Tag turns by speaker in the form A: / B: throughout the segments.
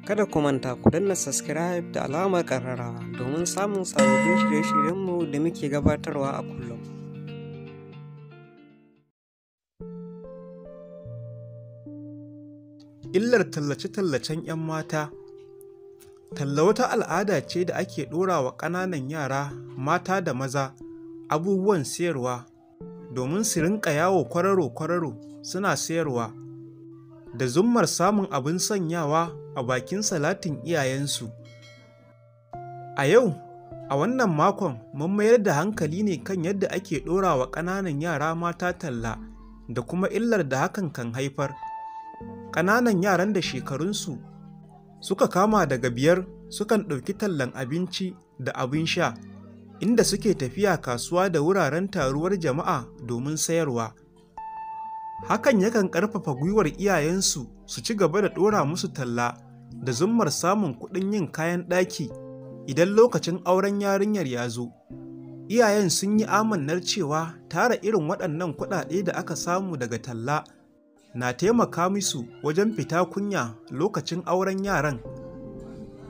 A: Kada ku manta ku danna subscribe da alamar ƙararrawa domin samun sababbin shirye-shiryenmu da muke gabatarwa a kullum. Illar tallace-tallacen 'yan mata Talla wata al'ada ce da ake ɗora wa ƙananan yara mata da maza abubuwan sayarwa domin su rinƙa yawo kwararo-kwararo suna sayarwa. da zummar samun abin sanyawa a bakin salatin iyayensu. A yau, a wannan makon mun mayar da hankali ne kan yadda ake ɗora wa ƙananan yara mata talla da kuma illar da hakan kan haifar. Ƙananan yaran da shekarunsu suka kama daga biyar sukan ɗauki tallan abinci da abin sha, inda suke tafiya kasuwa da wuraren taruwar jama'a domin sayarwa. hakan yakan ƙarfafa gwiwar iyayensu su ci gaba da ɗora musu talla da zummar samun kuɗin yin kayan ɗaki idan lokacin auren yarinyar ya zo. Iyayen sun yi amannar cewa tara irin waɗannan kuɗaɗe da aka samu daga talla na taimaka musu wajen fita kunya lokacin auren yaran.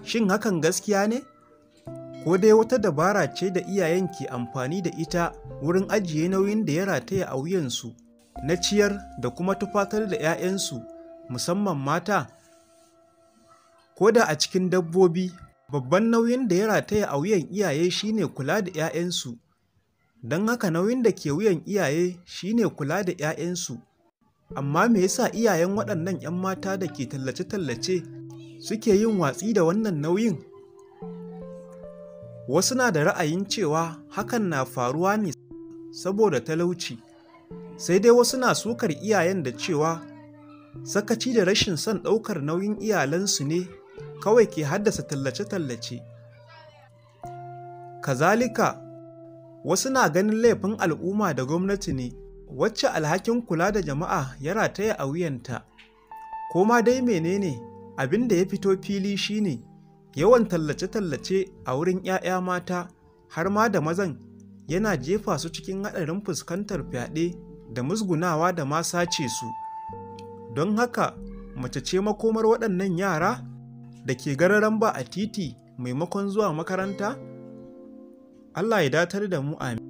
A: Shin hakan gaskiya ne? Ko dai wata dabara ce da iyayen ke amfani da ita wurin ajiye nauyin da ya rataya a wuyansu. na ciyar da kuma tufatar da ‘ya'yansu musamman mata? Ko da a cikin dabbobi, babban nauyin da ya rataya a wuyan iyaye shi ne kula da ‘ya'yansu, don haka nauyin da ke wuyan iyaye shi ne kula da ‘ya'yansu. Amma me yasa iyayen waɗannan ‘yan mata da ke tallace-tallace suke yin watsi da wannan nauyin? Wasu na da ra'ayin cewa hakan na faruwa ne saboda talauci. sai dai wasu na sukar iyayen da cewa sakaci da rashin son ɗaukar nauyin iyalansu ne kawai ke haddasa tallace-tallace kazalika wasu na ganin laifin al'umma da gwamnati ne wacce alhakin kula da jama'a ya rataya a wuyanta ko ma dai menene abin da ya fito fili shine yawan tallace-tallace a wurin 'ya'ya mata har ma da mazan yana jefa su cikin haɗarin fuskantar fyaɗe da musgunawa da ma sace su don haka mace ce makomar waɗannan yara da ke gararan ba a titi maimakon zuwa makaranta Allah ya datar da mu amin